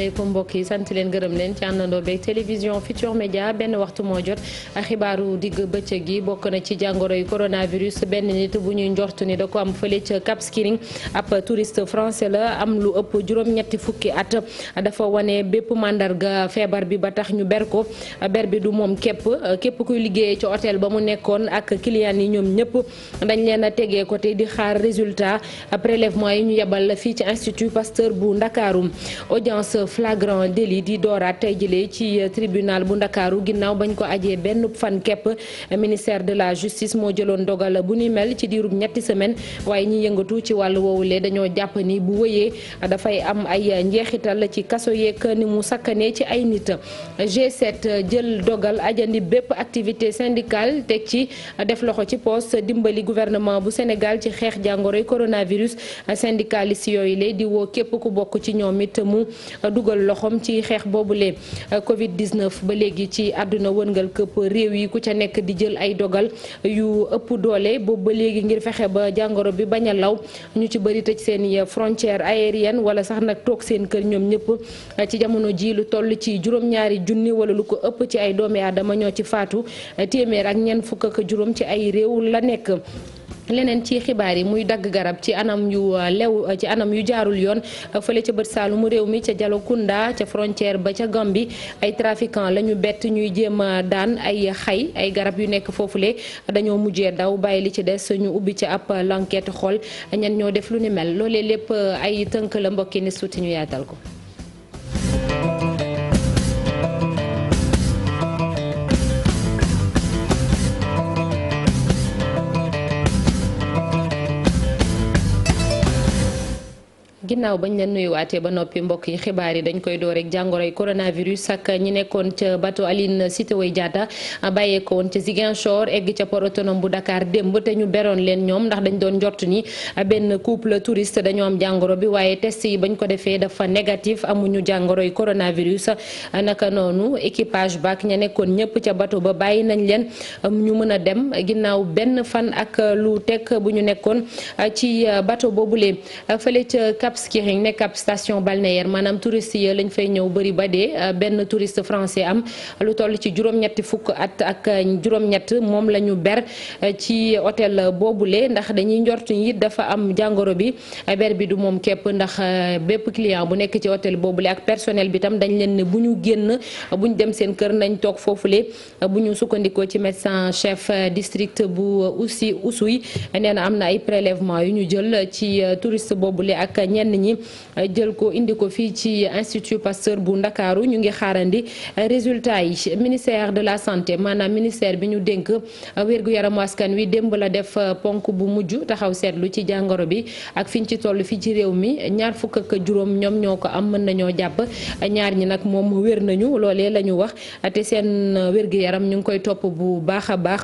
asalaamaaleykum mbokk yi sant leen gërëm leen ci àndandoo beeg télévision Futur Média benn waxtu moo jot xibaaru digg bëccëg yi bokk na ci jàngoro yu coronavirus benn nit bu ñuy njortu ni da ko am fële ca Cap Skirring ab touriste français la am lu ëpp juróom-ñetti fukki at dafa wane bépp màndarga feebar bi ba tax ñu ber ko ber bi du moom képp képp kuy liggéeye ci hôtel ba mu nekkoon ak kiliyaan yi ñoom ñëpp dañ leen a tegee côté di xaar résultat prélèvement yi ñu yebal fii ci Institut Pasteur bu Ndakaaru flagrant délit di dooraat tey jëlee ci euh, tribunal bu ndakaaru ginnaaw bañ ko ajee benn fan kepp ministère de la justice moo jëloon dogal bu ni mel ci diirub ñetti semaine waaye ñi yëngatu ci wàllu woowule dañoo jàpp ni bu wëyee dafay am ay njeexital ci kaso yeeg ni mu sakkanee ci ay nit G7 jël dogal ajandi bépp activité syndicale teg ci def loxo ci poste dimbali gouvernement bu Sénégal ci xeex jàngoroy coronavirus syndicaliste yooyu lay di woo bokk ci ñoom dugal loxoom ci xeex boobu boobule euh, Covid 19 ba léegi ci àdduna wëngal këpp réew yi ku ca nekk di jël ay dogal yu ëpp doole boobu ba léegi ngir fexe ba jàngoro bi bañ a law ñu ci bëri tëj seen i frontière aérienne wala sax nag toog seen kër ñoom ñëpp euh, ci jamono ji lu toll ci juróom-ñaari junni wala lu ko ëpp ci ay doomi aadama ñoo ci faatu téeméer ak ñeent fukk ak juróom ci ay réew la nekk. leneen ci xibaar yi muy dagg garab ci anam yu uh, lew uh, ci anam yu jaarul yoon uh, fële ca bët saalumu réew mi ca Jalokunda ca frontière ba ca Gambie ay trafiquant la ñu bett ñuy jéem a daan ay xay ay garab yu nekk foofu le dañoo mujjee daw bàyyi li ci des ñu ubbi ca ab l'enquête xool ñan ñoo def lu ni mel loolee lépp ay tënk la mbokki ne suuti ñu yaatal ko ginnaaw bañ leen nuyuwaatee ba noppi mbokk yi xibaar yi dañ koy door rek jàngoroy coronavirus ak ñi nekkoon ca bateau Aline Sitoé Diatta bàyyeeko woon ca Ziguinchor egg ca port autonome bu Dakar démb te ñu beroon leen ñoom ndax dañ doon njort ni benn couple touriste dañoo am jàngoro bi waaye test yi bañ ko defee dafa négatif amuñu jàngoroy coronavirus naka noonu équipage baak ña nekkoon ñëpp ca bato ba bàyyi nañ leen ñu mën a dem ginnaaw benn fan ak lu teg bu ñu nekkoon ci bateau boobule fële skiing nekk ab station balnéaire maanaam touriste yi lañ fay ñëw bëri ba dee euh, benn touriste français am lu toll ci juróom-ñetti fukk at ak euh, juróom-ñett moom lañu ñu ber euh, ci hôtel boobule ndax dañuy njortu it dafa am jàngoro bi ber bi du moom képp ndax bépp client bu nekk ci hôtel boobule ak personnel bi tam dañ leen ne bu ñu génn bu dem seen kër nañ toog foofule bu ñu sukkandikoo ci médecin chef district bu aussi usuy nee na am na ay prélèvement yu ñu jël ci touriste ñenn ñi euh, jël ko indi ko fii ci institut Pasteur bu Ndakaaru ñu ngi xaarandi euh, résultat yi ministère de la santé maanaam ministère bi ñu dénk euh, wérgu yaramu askan wi démb la def ponk bu mujj taxaw seetlu ci jàngoro bi ak fiñ ci toll fii ci réew mi ñaar fukk ak juróom ñoom ñoo ko am mën nañoo jàpp ñaar ñi nag moom wér nañu loolee la ñu wax te seen wérgu yaram ñu ngi koy topp bu baax a baax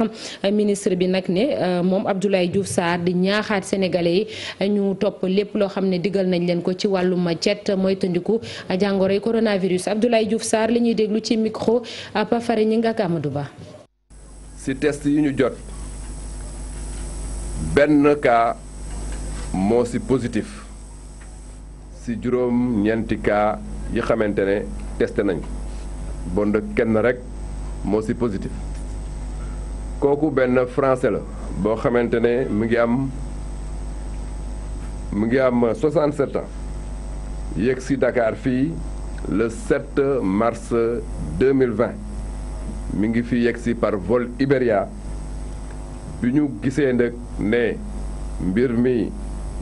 ministre bi nag ne moom Abdoulaye Diouf Sarr di ñaaxaat sénégalais nañ leen ko ci wàllum cet mooy tëndiku jàngoroy coronavirus Abdoulaye Diouf Sarr li ñuy déglu ci micro Pape Fary Gningue ak Amadou Ba. ci test yi ñu jot benn cas moo ci positif ci juróom ñeenti kaa yi xamante ne testé nañ ko bon kenn rek moo ci positif kooku benn français la boo xamante ne am. mu ngi am 67 ans yegg si Dakar fii le 7 mars 2020 mi ngi fi yegg si par vol Iberia bi ñu gisee nag ne mbir mi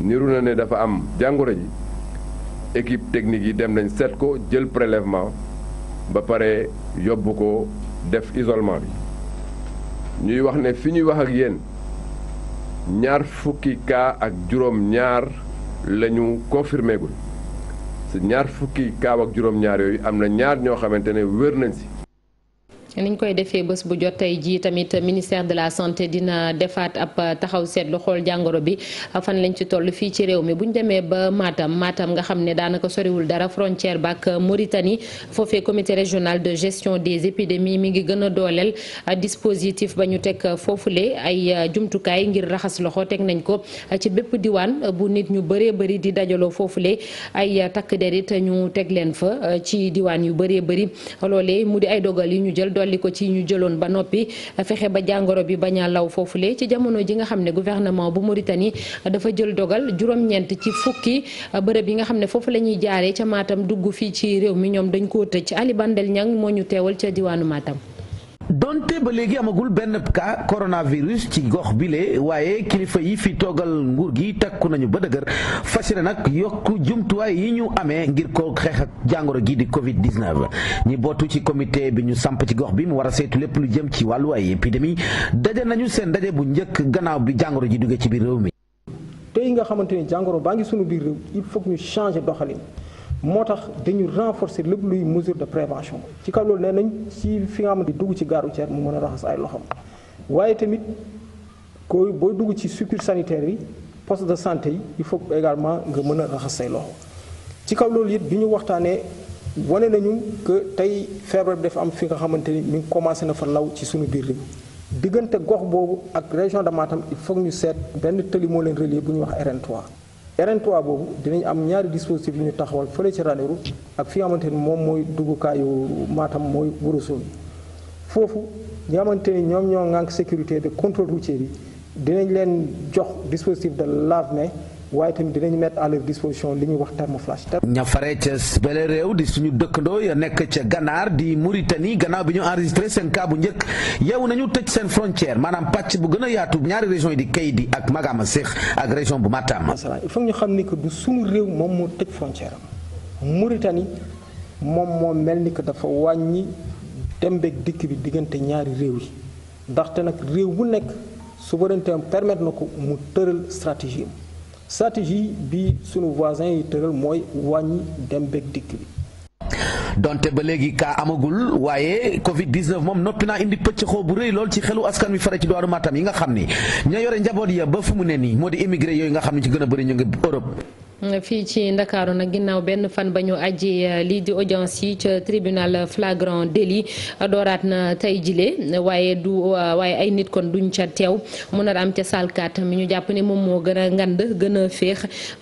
niru na ne dafa am jàngoro ji équipe technique yi dem nañ seet ko jël prélèvement ba pare yóbbu ko def isolement bi ñuy wax ne fi ñuy wax ak yéen. ñaar fukki kaa ak juróom ñaar la ñu confirmé gul si ñaar fukki cas ak juróom ñaar yooyu am na ñaar ñoo xamante ne wér nañ si niñ koy defee bés bu jot tey jii tamit ministère de la santé dina defaat ab taxaw seetlu xool jàngoro bi fan lañ ci toll fii ci réew mi bu ñu demee ba maatam maatam nga xam ne daanaka soriwul dara frontière ba ak Mauritanie foofee comité régional de gestion des épidémies mi ngi gën a dooleel dispositif ba ñu teg foofule ay jumtukaay ngir raxas loxo teg nañ ko ci bépp diwaan bu nit ñu bëree bëri di dajaloo foofu foofule ay takk derit ñu teg leen fa ci diwaan yu bëree bëri loolee mu di ay dogal yu ñu jël dolli ko ci ñu jëloon ba noppi fexe ba jàngoro bi bañ a law foofule ci jamono ji nga xam ne gouvernement bu Mauritanie dafa jël dogal juróom-ñeent ci fukki bërëb yi nga xam ne foofu la ñuy jaaree ca maatam dugg fii ci réew mi ñoom dañ koo tëj ci Bandel Niang moo ñu teewal ca diwaanu maatam donte ba léegi amagul benn cas coronavirus ci gox bi bile waaye kilifa yi fi toogal nguur gi takku nañu ba dëgër fas yéene nag yokk jumtuwaay yi ñu amee ngir ko xeex ak jàngoro gi di Covid 19. ñi bootu ci comité bi ñu samp ci gox bi mu war a saytu lépp lu jëm ci wàllu ay épidémie daje nañu seen daje bu njëkk gannaaw bi jàngoro ji duggee ci biir réew mi. tey nga xamante ni jàngoro baa ngi sunu biir réew il faut ñu changer doxalin. moo tax dañuy renforcer lépp luy mesure de prévention ci kaw loolu nee nañ ci fi nga xamante dugg ci gaaru routière mu mën a raxas ay loxam waaye tamit koy booy dugg ci structure sanitaire yi poste de santé yi il faut également nga mën a raxas say loxo ci kaw loolu yit bi ñu waxtaanee wane nañu que tey feebar bi dafa am fi nga xamante ni mi ngi commencé na fa law ci suñu biir réew diggante gox boobu ak région de Matam il faut ñu seet benn tëli moo leen relier bu ñuy wax rn RN3 boobu dinañ am ñaari dispositif yu ñu taxawal fële ci Ranérou ak fi nga xamante ni moom mooy duggukaayu Matam mooy Ourossogui foofu ñi xamante ni ñoom ñoo ŋànk sécurité de contrôle routier bi dinañ leen jox dispositif de lave mais waaye tamit dinañ mettre à leur disposition li ñuy wax thermoflash. ña fare ca bële réew di suñu dëkkandoo ya nekk ca Ganaar di Mauritanie gannaaw bi ñu enregistré seen cas bu njëkk yeewu nañu tëj seen frontière maanaam pàcc bu gën yaatu ñaari régions yi di Kaydi ak Magama Séex ak région bu Matam. il faut ñu xam ni que du suñu réew moom moo tëj frontière am moom moo mel ni que dafa wàññi dem beeg dikk bi diggante ñaari réew yi ndaxte nag réew bu nekk souveraineté am permettre na ko mu tëral stratégie stratégie bi sunu voisin yi tëral mooy wàññi dem beeg dikk bi. donte ba léegi kaa amagul waaye Covid 19 moom noppi naa indi pëccëxoo bu rëy lool ci xelu askan wi fare ci dooru Matam yi nga xam ni ña yore njaboot ya ba fu mu ne nii moo di immigré yooyu nga xam ne ci gën a bëri ñu ngi Europe. fii ci ndakaaru nag ginnaaw benn fan ba ñu aji eh, lii di audience yi ca tribunal flagrant délit eh, dooraat na tey jile waaye du eh, waaye ay nit kon duñ ca teew mu nar am ca salkat mi ñu jàpp ne moom moo gën a ngand gën a féex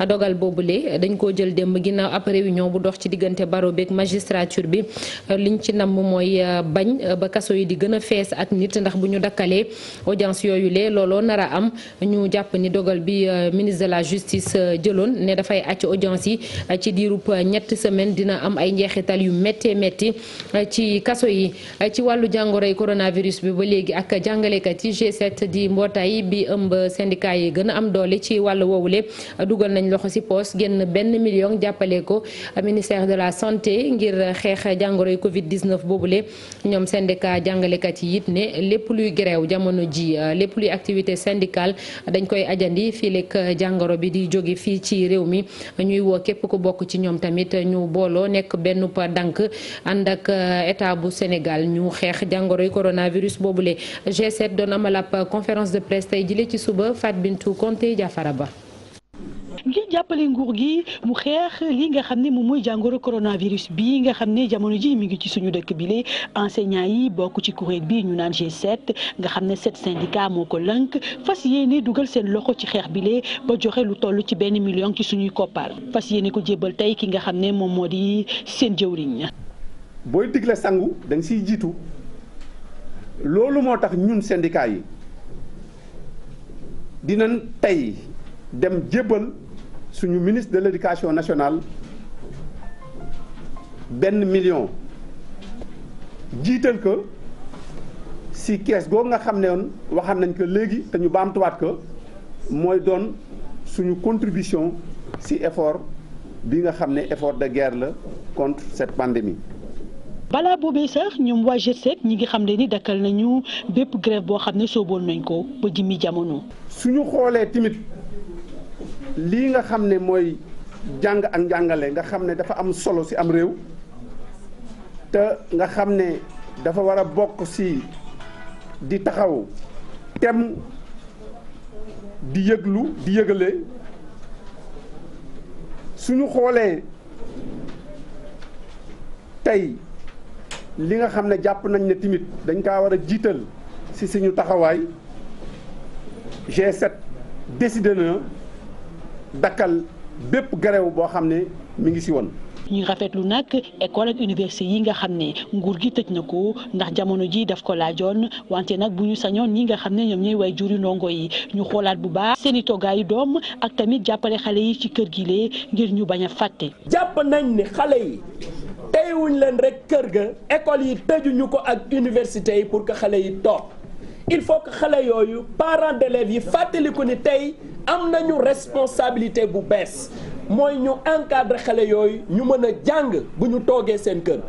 dogal le dañ koo jël démb ginnaaw ab réunion bu dox ci diggante baro beeg magistrature bi liñ ci namm mooy bañ ba kaso yi di gën a fees ak nit ndax bu ñu dakkalee audience yooyu le looloo nar am ñu jàpp ni dogal bi ministre de la justice jëloon fay acc audience yi ci diirub euh, ñetti semaine dina am ay njeexital yu méttee métti euh, ci kaso yi euh, ci wàllu jàngoro jàngoroy coronavirus bi ba léegi ak jàngalekat yi G7 di mbootaay bi ëmb syndicat yi gën a am doole ci wàllu woowule dugal nañ loxo si poos génn benn million jàppale ko ministère de la santé ngir xeex jàngoro jàngoroy Covid 19 boobule ñoom syndicat jàngalekat yi it ne lépp luy grève jamono ji lépp luy activité syndicale dañ koy ajandi fii lekk jàngoro bi di jóge ni ñuy woo képp ku bokk ci ñoom tamit ñu booloo nekk benn pa dànk ànd ak euh, état bu Sénégal ñu xeex jàngoro jàngoroy coronavirus boobule G7 doon amal ab conférence de presse tey jile ci suba Fat Bintou Conté Diafara Ba ngir jàppale nguur gi mu xeex lii nga xam ne moom mooy jàngoro coronavirus bii nga xam ne jamono ji mi ngi ci suñu dëkk bi lee enseignants yi bokk ci kuréel bi ñu naan G7 nga xam ne sept syndicat moo ko lënk fas yéene dugal seen loxo ci xeex bi lee ba joxe lu toll ci benn million ci suñuy koppar fas yéene ko jébbal tey ki nga xam ne moom moo di seen jëwriñ. booy digle sangu da nga siy jiitu loolu moo tax ñun syndicat yi dina tey. dem jébbal suñu ministre de l'éducation nationale benn million jiital ko si kees googu nga xam ne woon waxaan nañ ko léegi te ñu baamtuwaat ko mooy doon suñu contribution si effort bi nga xam ne effort de guerre la contre cette pandémie. balaa boobee sax ñoom waa G7 ñi ngi xam ne ni dakkal nañu bépp grève boo xam ne sooboon nañ ko ba jimmi jamono. suñu xoolee tamit. lii nga xam ne mooy jàng ak njàngale nga xam ne dafa am solo ci am réew te nga xam ne dafa war a bokk ci di taxaw tem di yëglu di yëgale su suñu xoolee tey li nga xam ne jàpp nañ ne timit dañ kaa war a jiital ci suñu taxawaay G7 décidé dakkal bépp garew boo xam ne mu ngi si woon. ñuy rafetlu nag école ak université yi nga xam ne nguur gi tëj na ko ndax jamono ji daf ko laajoon wante nag bu ñu sañoon ñi nga xam ne ñoom ñooy way juri ndongo yi ñu xoolaat bu baax seen i toggaayu doom ak tamit jàppale xale yi ci kër gi lee ngir ñu bañ a fàtte. jàpp nañ ni xale yi teyewuñ leen rek kër ga école yi tëjuñu ko ak université yi pour que xale yi toog il faut que xale yooyu parents d'élèves yi fàttaliku ni tey. am nañu responsabilité bu bees mooy ñu encadre xale yooyu ñu mën a jàng bu ñu toogee seen kër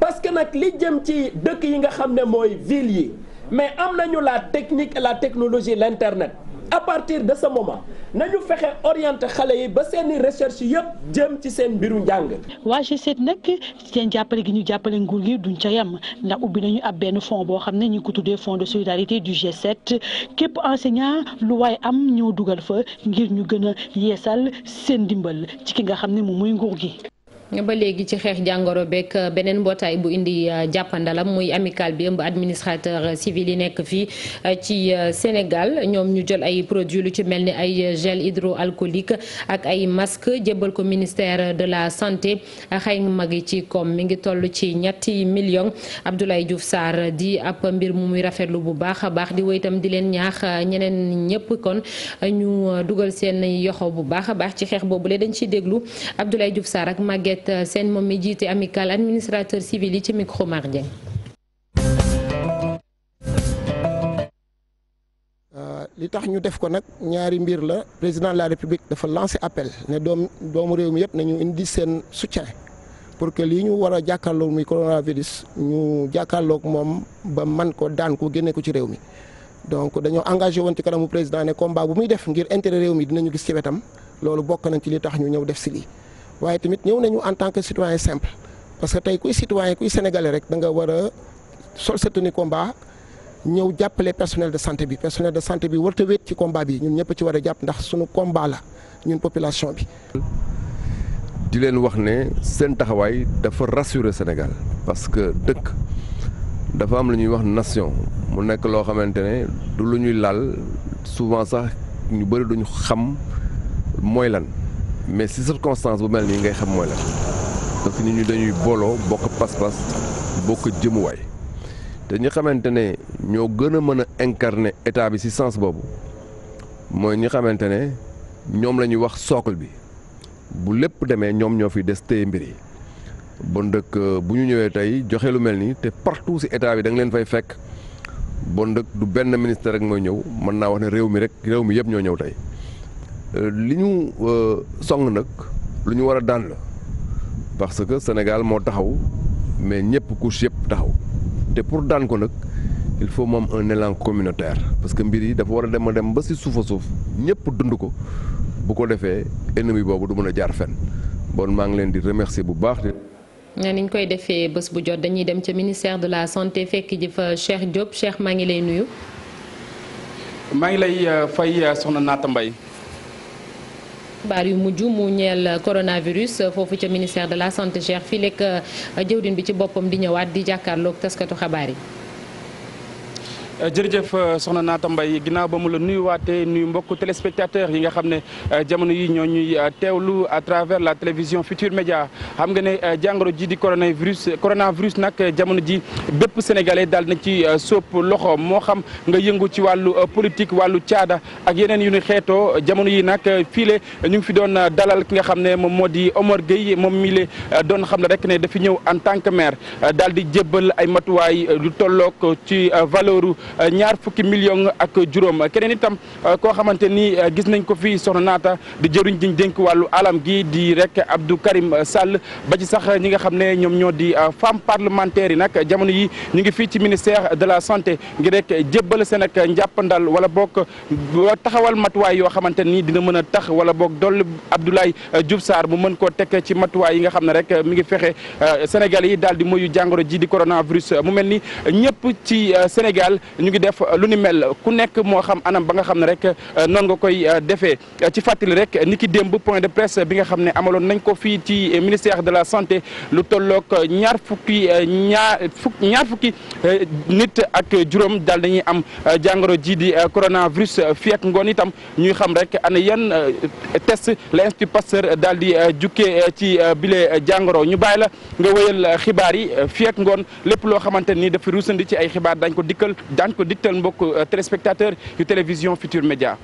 parce que nag li jëm ci dëkk yi nga xam ne mooy ville yi mais am nañu la technique et la technologie l' internet à partir de ce moment nañu fexe oriente xale yi ba seeni recherche yëpp jëm ci seen mbiru njàng. waa G7 nag seen jàppale gi ñu jàppale nguur gi duñ ca yem ndax ubbi nañu ab benn fonds boo xam ne ñu ngi ko tuddee fonds de solidarité du G7 képp enseignant lu waaye am ñoo dugal fa ngir ñu gën a yeesal seen dimbal ci ki nga xam ne moom mooy nguur gi. ba léegi ci xeex jàngoro beeg beneen mbootaay bu indi euh, jàppandalam muy amical bi ëmb administrateur civil yi nekk fii euh, ci euh, Sénégal ñoom ñu jol ay produits lu ci mel ni ay gel hydroalcoolique ak ay masque jébbal ko ministère de la santé xëy mag yi ci koom mi ngi toll ci ñetti millions Abdoulaye Diouf saar di app mbir mu muy rafetlu bu baax a baax di wéy itam di leen ñaax ñeneen ñëpp kon ñu dugal seen yoxo bu baax a baax ci xeex boobu le dañ ciy déglu Juliette moom mi jiite amical administrateur civil yi ci micro Mar Dieng euh, li tax ñu def ko nag ñaari mbir la président de la république dafa lancé appel ne doom doomu réew mi yëpp nañu indi seen soutien pour que lii ñu war a jàkkaarloog muy coronavirus ñu jàkkaarloog moom ba man ko daan ko génne ko ci réew mi donc dañoo engagé woon ci kanamu président ne combat bu muy def ngir intérêt réew mi dinañu gis ci wetam loolu bokk nañ ci li tax ñu ñëw def si lii waaye tamit ñëw nañu en tant que citoyen simple parce que tey kuy citoyen kuy sénégalais rek danga nga a sol sa tenue combat ñëw jàppale personnel de santé bi personnel de santé bi warut a wéet ci combat bi ñu ñëpp ci war a jàpp ndax suñu combat la ñun population bi. di leen wax ne seen taxawaay dafa rassurer Sénégal parce que dëkk dafa am lu ñuy wax nation mu nekk loo xamante ne du lu ñuy laal souvent sax ñu bëri ñu xam mooy lan. mais si circonstance bu mel nii ngay xam mooy la parce que nit ñi dañuy booloo bokk pas-pas bokk jëmuwaay te ñi xamante ne ñoo gën a mën a incarner état bi si sens boobu mooy ñi xamante ne ñoom la ñuy wax socle bi bu lépp demee ñoom ñoo fi des te mbir yi bon dëkk euh, bu ñu ñëwee tey joxe lu mel nii te partout si état bi da leen fay fekk bon dëkk du benn ministère rek mooy ñëw mën naa wax ne réew mi rek réew mi yëpp ñoo ñëw tey. Euh, li ñu euh, song nag lu ñu war a daan la parce que Sénégal moo taxaw mais ñëpp couche yëpp taxaw te pour daan ko nag il faut moom un élan communautaire parce que mbir yi dafa war a dem a dem ba si suuf a suuf ñëpp dund ko bu ko defee ennemi boobu du mën a jaar fenn bon maa ngi leen di remercier bu baax ne niñ koy defee bés bu jot dañuy dem ca ministère de la santé fekk ji fa Cheikh Diop Cheikh maa ngi lay nuyu maa ngi lay euh, fay soxna Naata mbay xibaar yu mujj mu ñeel coronavirus foofu ca ministère de la santé Cheikh fii lekk jëwdin bi ci boppam di ñëwaat di jàkkaarlook taskatu xabaar yi. Euh, jërëjëf euh, soxna Naata mbay ginnaaw ba mu la nuyuwaatee nuyu mbokk téléspectateur yi nga xam ne euh, jamono yi ñoo ñuy teewlu à travers la télévision Futur Média xam nga ne jàngoro ji di coronavirus coronavirus nag jamono ji bépp sénégalais daal na ci sopp loxo moo xam nga yëngu ci wàllu politique wàllu caada ak yeneen yu nu xeetoo jamono yi nag fiile ñu ngi fi doon dalal ki nga xam ne moom moo di Omar Gueye moom mi le doon xam ne rek ne dafa ñëw en tant que maire daal di jébbal ay matuwaay lu tollook ci valeur Euh, ñaar fukki million ak juróom keneen itam euh, koo xamante ni euh, gis nañ ko fi soxna naata di jëriñ ji dénk wàllu alam gi di rek Abdou Karim Sall ba ci sax ñi nga xam ne ñoom ñoo di femme parlementaire yi nag jamono yi ñu ngi fii ci ministère de la santé ngir jëbbal se seen ak njàppandal wala boog taxawal matuwaay yoo xamante ni dina mën a tax wala boog doll Abdoulaye Diouf Sarr mu mën koo teg ci matuwaay yi nga xam ne rek mi ngi fexe Sénégal yi daal di moyu jàngoro ji di coronavirus mu mel ni ñëpp ci Sénégal ñu ngi def lu ni mel ku nekk moo xam anam ba nga xam ne rek euh, noonu nga koy euh, defee euh, ci fàttali rek ni ki démb point de presse bi nga xam ne amaloon nañ ko fii ci ministère de la santé lu tolloog ñaar fukki ñaar fukki ñaar fukki nit ak juróom dal dañuy am jàngoro jii di coronavirus fii ak ngoon itam ñuy xam rek ana yan test la Institut Pasteur daal di jukkee ci bile jàngoro ñu baay la nga wéyal xibaar yi fii ngoon lépp loo xamante ni dafa ruusandi ci ay xibaar dañ ko dikkal daan ko diktal mbokk euh, téléspectateur yu télévision Futur Média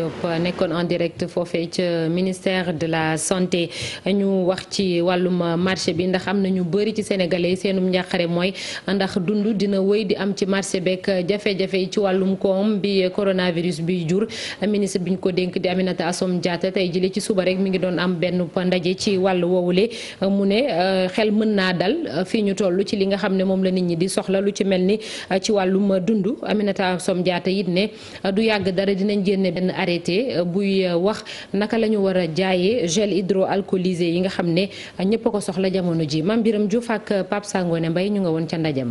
Diop nekkoon en direct foofee ca ministère de la santé ñu wax ci wàllum marché bi ndax am na ñu bëri ci sénégalais seenu seenum njàqare mooy ndax dund dina woy di am ci marché beeg jafe-jafe yi ci wàllum koom bi coronavirus bi jur ministre bi ñu ko dénk di Aminata Assome jaata tey jëlee ci suba rek mi ngi doon am benn ndaje ci wàllu woowule mu ne eh, xel mën naa dal eh, fii ñu toll ci li nga xam ne moom la nit ñi di soxla lu ci mel ni eh, ci wàllum dund Aminata Assome Diatta arrêté euh, buy euh, wax naka la ñu war a jaayee gel hydroalcoolisé yi nga xam ne euh, ñëpp a ko soxla jamono ji Mame Birame Diouf ak Pape Sangone Mbaye ñu nga woon ca ndaje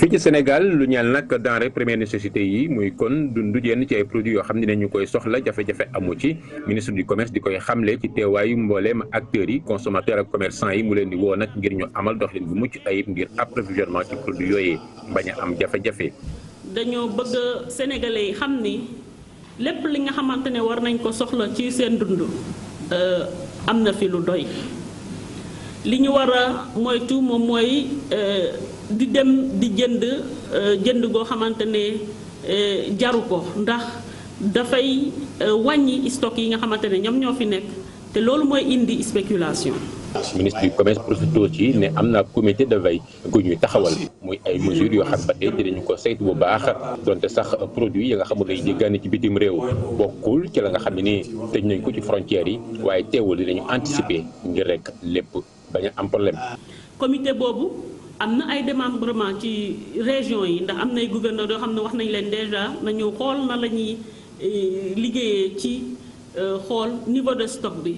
fii ci Sénégal lu ñeel nag denrée première nécessité yi muy kon dundu jenn ci ay produits yoo xam ne ñu koy soxla jafe-jafe amu ci ministre du commerce di koy xamle ci teewaayu mbooleem acteurs yi consommateurs ak commercant yi mu leen di woo nag ngir ñu amal doxalin bu mucc ayib ngir approvisionnement ci produits yooyee bañ a am jafe-jafe. dañoo bëgg sénégalais xam ni lépp li nga xamante ne war nañ ko soxla ci seen dund euh, am na fi lu doy li ñu war a moytu moom mooy euh, di dem di jënd euh, jënd goo xamante ne jaru ko ndax dafay wàññi stock yi nga xamante ne ñoom ñoo fi nekk te loolu mooy indi spéculation ministre du commerce profité ci ne am na comité de veille gu ñuy taxawal muy ay mesures yoo xam ba tey dinañu ko saytu bu baax donte sax produit yi nga xam ne lay jéggaane ci bitim réew bokkul ci la nga xam ne nii tëj nañ ko ci frontières yi waaye teewul dinañu anticiper ngir rek lépp bañ a am problème. comité boobu am na ay démembrement ci région yi ndax am nay gouverneur yoo xam ne wax nañ leen déjà nañu xool na la ñuy eh, liggéeyee ci euh, xool niveau de stock bi.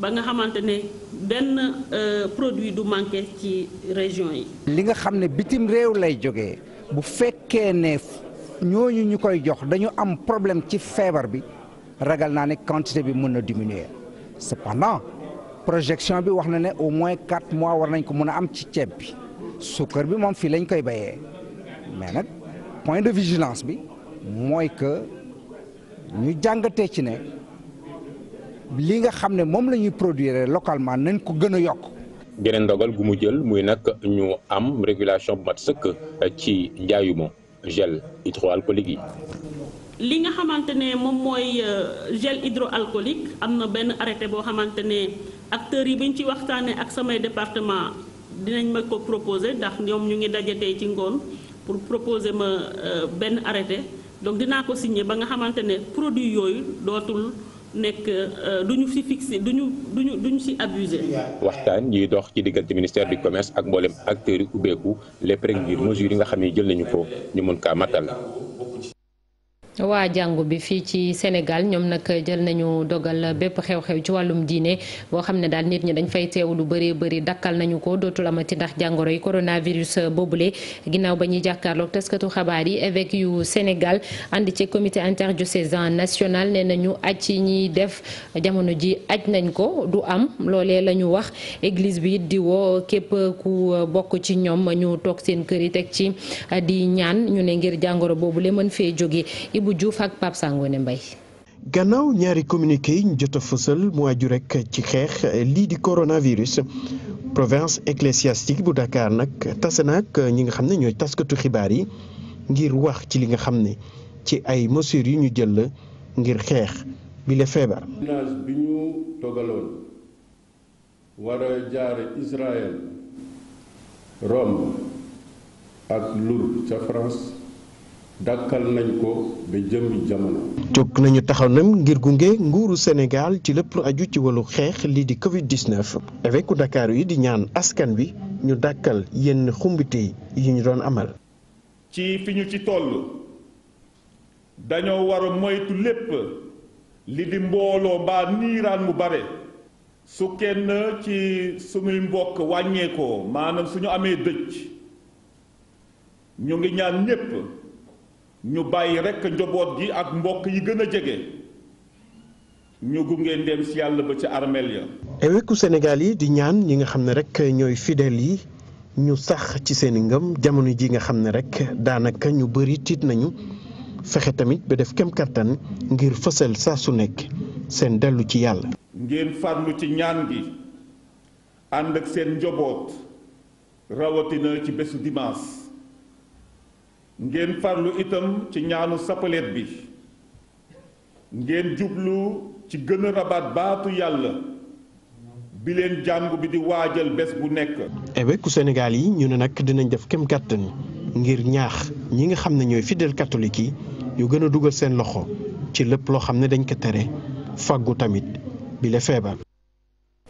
ba nga xamante ne benn euh, produit du manqué ci région yi. li nga xam ne bitim réew lay jógee bu fekkee ne ñooñu ñu koy jox dañu am problème ci feebar bi ragal naa ne quantité bi mën na diminuer cependant projection bi wax na ne au moins quatre mois war nañ ko mën a am ci ceeb bi suukar bi moom fii lañ koy bayee mais nag point de vigilance bi mooy que ñu jàngatee ci ne. li nga xam ne moom la ñuy produire localement nañ ko gën a yokk. geneen ndogal gu mu jël muy nag ñu am régulation bu mat sëkk ci njaayuma gel hydroalcoolique yi. li nga xamante ne moom mooy euh, gel hydroalcoolique am na benn arrêté boo xamante ne acteurs yi bu ñu ci waxtaanee ak samay département dinañ ma ko proposer ndax ñoom ñu ngi dajatee ci ngoon pour proposer ma euh, benn arrêté donc dinaa ko signer ba nga xamante ne produit yooyu dootul. nekk euh, du ñu si fixé du ñu du ñu du ñu si abusé. waxtaan yi dox ci diggante ministère du commerce ak mboolem acteurs yi ubbeeku lépp rek ngir mesures nga xam ne jël nañu ko ñu mën kaa matal. waa jàngo bi fii ci Sénégal ñoom nag jël nañu dogal bépp xew-xew ci wàllum diine boo xam ne daal nit ñi dañ fay teew lu bëree bëri dakkal nañu ko dootul amati ndax jàngoro yi coronavirus lee ginnaaw ba ñuy jàkkaarloog taskatu xabaar yi évêque yu Sénégal ànd ci ju interdiocésain national nee nañu aj yi ñuy def jamono ji aj nañ ko du am loolee la ñu wax église bi di woo képp ku bokk ci ñoom ñu toog seen kër yi teg ci di ñaan ñu ne ngir jàngoro boobule mën fee jóge. Ibou Diouf ak Pape Sangone Mbaye gannaaw ñaari communiqué yi ñu jot a fësal mu ci xeex lii di coronavirus province ecclésiastique bu Dakar nag tase na ak ñi nga xam ne ñooy taskatu xibaar yi ngir wax ci li nga xam ne ci ay mesures yu ñu jël ngir xeex bi feebar. nage bi ñu togaloon war jaare Israël Rome ak Lourdes ca France. dàkkal nañ ko ba nañu taxaw na ngir gunge nguuru senegaal ci lépp aju ci wàllu xeex lii di Covid 19 évêque ndakaar yi di ñaan askan wi ñu dàkkal yenn xumbite yi ñu doon amal. ci fi ñu ci toll dañoo war moytu lépp li di mbooloo mbaa niiraan mu bare su kenn ci suñuy mbokk wàññeekoo maanaam su amee dëj ñu ngi ñaan ñépp. ñu bàyyi rekk njoboot gi ak mbokk yi gën a jege ñu gunge ndem si yàlla ba ci armeel ya évêque Sénégal yi di ñaan ñi nga xam ne rekk ñooy fidèles yi ñu sax ci seen ngëm jamono ji nga xam ne rekk daanaka ñu bari tiit nañu fexe tamit ba def kem kattan ngir fësal saa su nekk seen dellu ci yàlla ngeen farlu ci ñaan gi ànd ak seen njoboot rawatina ci bésu dimanche ngeen farlu itam ci ñaanu sapaleet bi ngeen jublu ci gën a rabaat baatu yàlla bi leen jàngu bi di waajal bés bu nekk. évêque Sénégal yi ñu ne nag dinañ def kem kàttan ngir ñaax ñi nga xam ne ñooy fidèle catholique yi yu gën a dugal seen loxo ci lépp loo xam ne dañ ko tere fàggu tamit bi la feebar.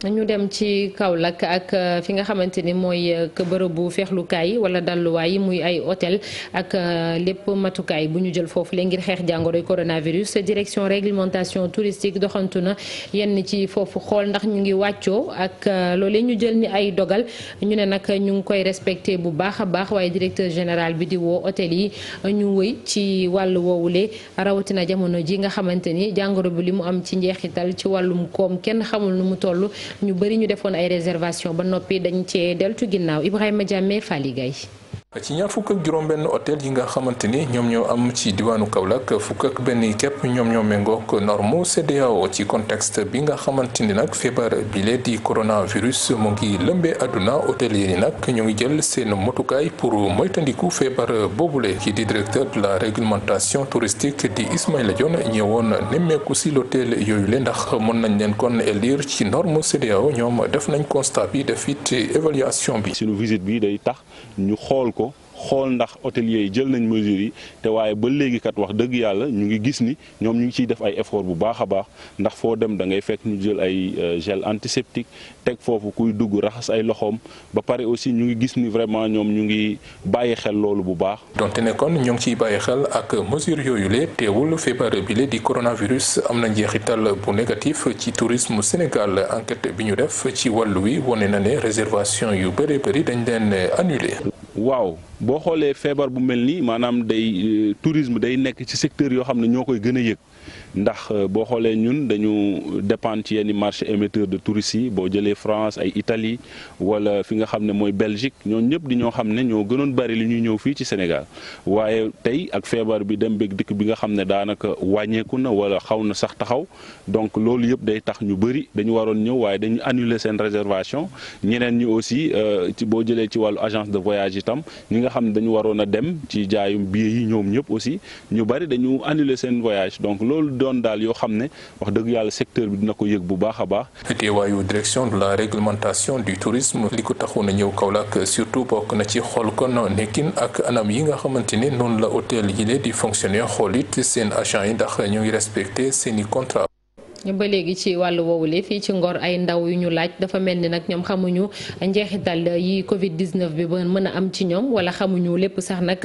ñu dem ci Kaolack ak euh, fi nga xamante ni mooy euh, bërëbu feexlukaay wala dalluwaay yi muy ay hôtel ak euh, lépp matukaay bu ñu jël foofu le ngir xeex yu coronavirus direction réglementation touristique doxantu na yenn ci foofu xool ndax ñu ngi wàccoo ak loolee ñu jël ni ay dogal ñu ne nag ñu ngi koy respecté bu baax a baax waaye directeur général bi di woo hôtel yi ñu wëy ci wàll woowule rawatina jamono ji nga xamante ni jàngoro bi li mu am ci njeexital ci wàllum koom kenn xamul nu mu toll ñu bëri ñu defoon ay réservation ba noppi dañu cee deltu ginnaaw Ibrahima Diamé Fally Gaye ci ñaar fukk ak juróom-benn hôtel yi nga xamante ni ñoom ñoo am ci diwaanu Kaolack fukk ak benn yi ñoom ñoo méngoog norme CEDEAO ci contexte bi nga xamante ni nag feebar bile di coronavirus mu ngi lëmbee àdduna hôteliers yi nag ñoo ngi jël seen motukaay pour moytandiku feebar boobule ki di directeur de la réglementation touristique di Ismaïla Dione ñëwoon nemmeeku si l'hôtel yooyu le ndax mën nañ leen kon élire ci norme CEDEAO ñoom def nañ constat bi def it évaluation bi. sunu visite bi day tax xool ndax hôteliers yi jël nañ mesures yi te waaye ba léegi kat wax dëgg yàlla ñu ngi gis ni ñoom ñu ngi ciy def ay effort bu baax a baax ndax foo dem da ngay fekk ñu jël ay euh, gel antiseptique teg foofu kuy dugg raxas ay loxoom ba pare aussi ñu ngi gis ni vraiment ñoom ñu ngi bàyyi xel loolu bu baax. donte nekkoon ñoo ngi ciy bàyyi xel ak mesures yooyu lee teewul feebar bi la di coronavirus am na njeexital bu négatif ci tourisme Sénégal enquête bi ñu def ci wàllu wi wane na ne yu bëree bëri dañ leen annulé. waaw boo xoolee feebar bu mel nii maanaam day euh, tourisme day nekk ci secteur yoo xam ne ñoo koy gën a yëg ndax euh, boo xoolee ñun dañu dépendre ci yenn marché émetteur de touristes yi boo jëlee France ay Italie wala fi nga xam ne mooy Belgique ñoo ñëpp di xam ne ñoo gënoon bari li ñuy ñëw fii ci Sénégal waaye tey ak feebar bi dem beeg dikk bi nga xam ne daanaka wàññeeku na wala xaw na sax taxaw donc loolu yëpp day tax ñu bëri dañu waroon ñëw waaye dañu annuler seen réservation ñeneen ñi aussi euh, ci boo jëlee ci wàllu agence de voyage itam ñi nga xam ne dañu waroon a dem ci jaayum billet yi ñoom ñëpp aussi ñu bari dañu annuler seen voyage donc loolu doon daal yoo xam ne wax dëgg yàlla secteur bi dina ko yëg bu baax a baax. teewaayu direction de la réglementation du tourisme li ko taxoon a ñëw Kaolack surtout bokk na ci xool kon nekkin ak anam yi nga xamante ni noonu la hôtel yi lee di fonctionner xool it seen agent yi ndax ñu ngi respecté seeni contrat. ba léegi ci wàllu woowule fii ci Ngor ay ndaw yu ñu laaj dafa mel ni nag ñoom xamuñu njeexital yi Covid 19 bi ba mën a am ci ñoom wala xamuñu lépp sax nag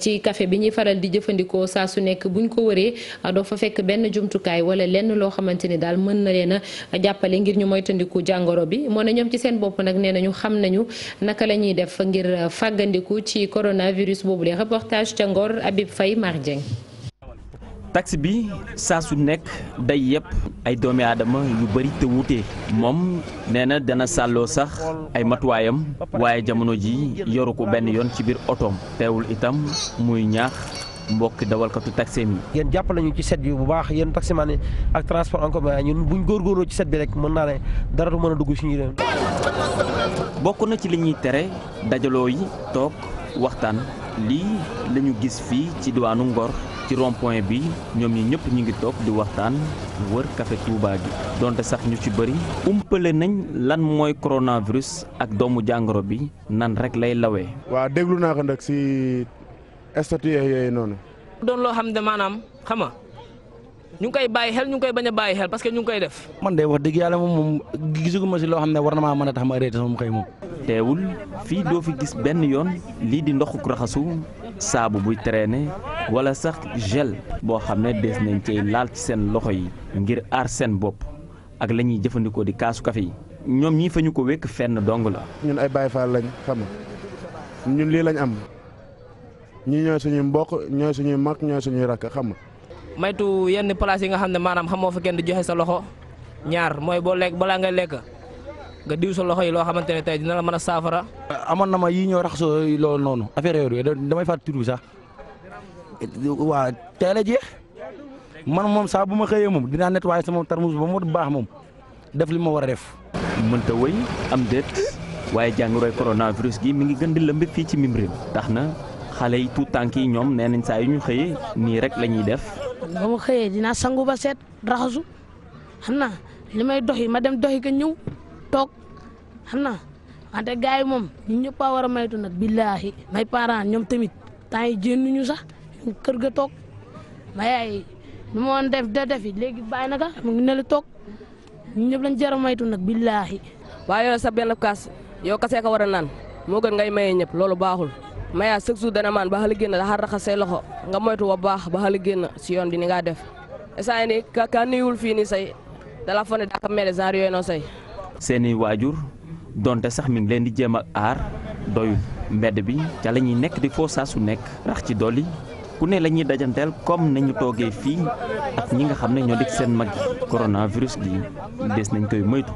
ci kafe bi ñuy faral di jëfandikoo saa su nekk buñ ko wëree doo fa fekk benn jumtukaay wala lenn loo xamante ni daal mën na leen a jàppale ngir ñu moytandiku jàngoro bi moo na ñoom ci seen bopp nag nee nañu xam nañu naka la ñuy def ngir fàggandiku ci coronavirus boobu le reportage ca Ngor Habib Faye Mar Dieng taxe bi saa su nekk day yëpp ay doomi aadama yu bëri te wuute moom nee na dana sàlloo sax ay matuwaayam waaye jamono ji yoru ko benn yoon ci biir otoom teewul itam muy ñaax mbokki dawalkatu taxi yi yéen jàpp lañu ci set bi bu baax yéen taximaan yi ak transport en commun ñun buñ góorgóorloo ci set bi rek mën naa ne dara du mën a dugg suñu réew bokk na ci li ñuy tere dajaloo yi toog waxtaan lii la gis fii ci diwaanu Ngor ci rond point bi ñoom ñi ñëpp ñu ngi toog di waxtaan wër café Touba gi donte sax ñu ci bëri umpale nañ lan mooy coronavirus ak doomu jàngoro bi nan rek lay lawee. waaw déglu naa ko nag si statut yooyu noonu. doon loo xam ne maanaam xam nga ñu ngi koy bàyyi xel ñu ngi koy bañ a bàyyi xel parce que ñu ngi koy def. man de wax dëgg yàlla moom moom gisuguma si loo xam ne war na maa mën a tax ma arrêté sama xëy moom. teewul fii doo fi gis benn yoon lii di ndoxu raxasu saabu buy ne wala sax gel boo xam ne des nañ cay laal ci seen loxo yi ngir ar seen bopp ak la ñuy jëfandikoo di kaasu kafe yi ñoom ñii fa ñu ko wékk fenn dong la. ñun ay Baay Faal lañ xam ñun lii lañ am ñi ñooy suñuy mbokk ñooy suñuy mag ñooy suñuy rakk xam maytu yenn place yi nga xam ne maanaam xamoo fa kenn di joxe sa loxo ñaar mooy boo lekk balaa ngay lekk. nga diw sa loxo yi loo xamante ne tey dina la mën a saafara. amoon na ma yii ñoo rax soo loo noonu affaire yooyu damay fàtt tur bi sax waa teel a jeex man moom saa bu ma xëyee moom dinaa nettoyer sama tarmus ba mu baax moom def li ma war a def. mënta wëy am déet waaye jàngoroy coronavirus gi mi ngi gën di lëmbe fii ci mim tax na xale yi tu tànk yi ñoom nee nañ saa yu ñu xëyee nii rek lañuy def. ba mu xëyee dinaa sangu ba seet raxasu xam naa xam na wante gars yi moom ñun ñëpp a war a maytu nag billaahi may parents ñoom tamit temps yi jénnuñu sax kër ga toog ma yaay lu ma def da defi léegi baay na ka mu ngi la toog ñun ñëpp lañ jar a maytu nag billaahi. waaye yow sa benn kaas yow kasee ko war a naan moo gën ngay maye ñëpp loolu baaxul may chaque jour dana maan ba xali génn daxar raxas say loxo nga moytu wa baax ba xali génn si yoon bi ni ngaa def instant ni ka ka nuyul say dala fa ne daa ko mel genre yooyu noonu say. seeni waajur. donte sax mi ngi leen di jéem a aar doyul mbedd bi ca la ñuy nekk di foo saa su nekk rax ci dolli ku ne la ñuy dajanteel comme nañu toogee fii ak ñi nga xam ne ñoo dikk seen mag yi coronavirus gi des nañ koy moytu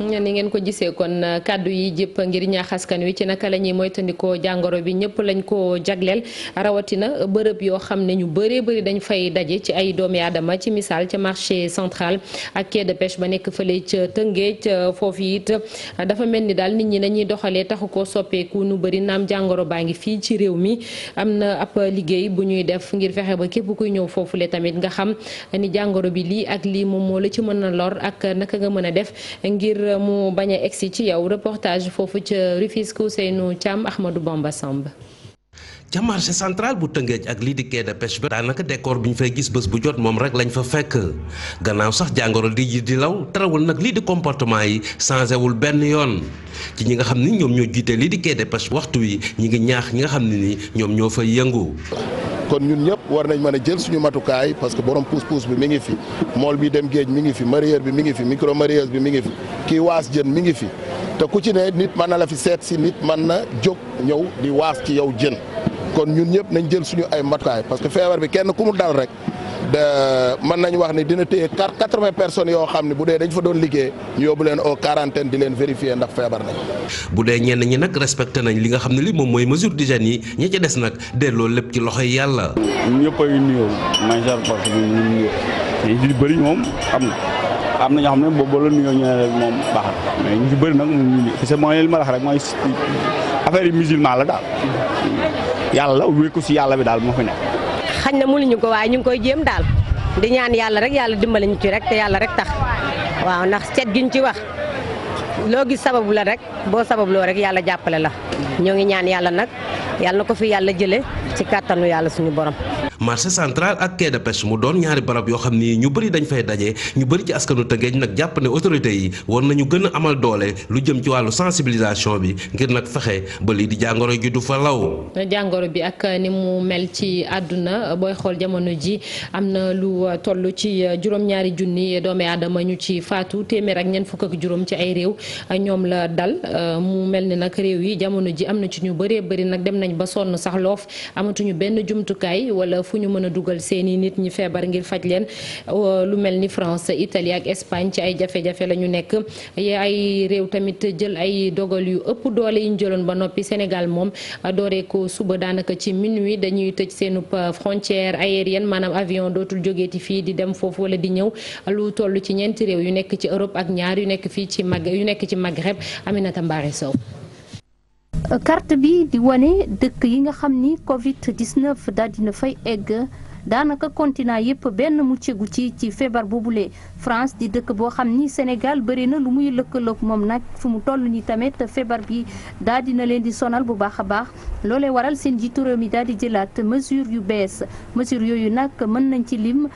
ni ngeen ko gisee kon euh, kàddu yi jëpp ngir ñaax askan wi ci naka la ñuy moytandikoo jàngoro bi ñëpp lañ ko jagleel rawatina bërëb yoo xam ne ñu bëree bëri dañ fay daje ci ay doomi aadama ci misaal ca marché central ak quai ba nekk fële ca Tëngéej euh, foofu it euh, dafa mel ni daal nit ñi nañuy doxalee taxu ko soppeeku nu bëri naam jàngoro baa ngi fii ci réew mi am na ab liggéey bu ñuy def ngir fexe ba képp kuy ñëw foofu le tamit nga xam ni jàngoro bi lii ak lii moom moo la ci mën a lor ak naka nga mën a def ngir wala mu bañ a egsi ci yow reportage foofu ca Rufisque Ousseynou Thiam Ahmadou Bamba Samb ca marché central bu Tëngéej ak lii di quai de bi ba daanaka décor bi ñu fay gis bës bu jot moom rek lañu fa fekk gannaaw sax jàngoro di ji di law tarawul nag lii di comportement yi changé wul benn yoon ci ñi nga xam ni ñoom ñoo jiite lii di quai de pêche waxtu wi ñi ngi ñaax ñi nga xam ne ni ñoom ñoo fay yëngu kon ñun ñëpp war nañ mën a jël suñu matukaay parce que borom pousse-pousse bi mu ngi fi mool bi dem géej mi ngi fi mareyeur bi mi ngi fi micro bi mi ngi fi kii waas jën mi ngi fi te ku ci ne nit mën na la fi seet si nit man na jóg ñëw di waas ci yow jën kon ñun ñëpp nañ jël suñu ay matukaay parce que feebar bi kenn ku mu dal rek de mën nañu wax ni dina téye quatre-vingts personnes yoo xam ne bu dee dañ fa doon liggéey ñu yóbbu leen au quarantaine di leen vérifier ndax feebar nañ. bu dee ñenn ñi nag respecté nañ li nga xam ne li moom mooy mesure d'hygiène yi ñi ca des nag delloo lépp ci loxoy yàlla. ñëpp a nuyoo macha allah parce que ñun ñu ci bëri moom am na am na ñoo xam ne boobu la nuyoo ñu ne moom baax mais ñu ci bëri nag ñu ngi parce que mooy li ma la rek mooy affaire yi musulman la daal yàlla wéeku si yàlla bi daal moo fi nekk. xañ na mënuñu ko waaye ñu ngi koy jéem daal di ñaan yàlla rek yàlla dimbali ñu ci rek te yàlla rek tax waaw ndax cet giñ ci wax loo gis sababu la rek boo sababloo rek yàlla jàppale la ñoo ngi ñaan yàlla nag yàlla na ko fi yàlla jële ci kàttanu yàlla suñu borom marché central ak quai de pêche mu doon ñaari barab yoo xam ni ñu bëri dañ fay daje ñu bëri ci askanu Tëngéej nag jàpp ne autorités yi war nañu gën amal doole lu jëm ci wàllu sensibilisation bi ngir nag fexe ba lii di jàngoro ji du fa law. jàngoro bi ak ni mu mel ci àdduna booy xool jamono ji am na lu toll ci juróom-ñaari junni doomi aadama ñu ci faatu téeméer ak ñeent fukk ak juróom ci ay réew ñoom la dal mu mel ni nag réew yi jamono ji am na ci ñu bëree bëri nag dem nañ ba sonn sax loof amatuñu benn jumtukaay wala fu ñu mën a dugal seen i nit ñi feebar ngir faj leen euh, lu mel ni France Italie ak Espagne ci ay jafe-jafe la ñu nekk ay réew tamit jël ay dogal yu ëpp doole yi ñu jëloon ba noppi Sénégal moom dooree ko suba daanaka ci minuit dañuy tëj seenu euh, frontière aérienne maanaam avion dootul jógeeti fii di dem foofu wala di ñëw lu toll ci ñeenti réew yu nekk ci Europe ak ñaar yu nekk fii ci mag yu nekk ci Maghreb Aminata Mbaare Sow carte bi di wane dëkk yi nga xam ni Covid 19 daal dina fay egg. daanaka continent yëpp benn muccegu ci ci feebar boobu boobule France di dëkk boo xam ni Sénégal bëri na lu muy lëkkaloog moom nag fu mu toll nii tamit feebar bi daal na leen di sonal bu baax a baax loolee waral seen jiitu réew mi daal di jëlaat mesure yu bees mesure yooyu nag mën nañ ci lim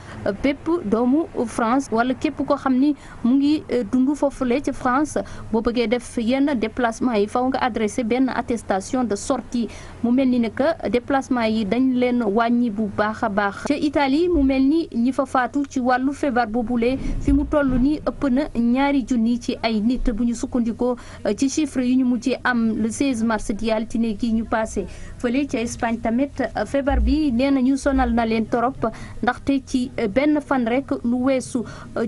bépp doomu France wala képp koo xam ni mu ngi euh, dund foofule ci France boo bëggee def yenn déplacement yi faw nga adressé benn attestation de sortie mu mel ni ne que déplacement yi dañ leen wàññi bu baax a baax baax ca Italie mu mel ni ñi fa faatu ci wàllu feebar boobule fi mu toll ni ëpp na ñaari junni ci ay nit bu ñu sukkandikoo euh, ci chiffre yu ñu mujjee am le 16 mars di yàlla ci néeg yi ñu passé fële ca Espagne tamit euh, feebar bi nee nañu sonal na leen torop ndaxte ci euh, benn fan rek lu weesu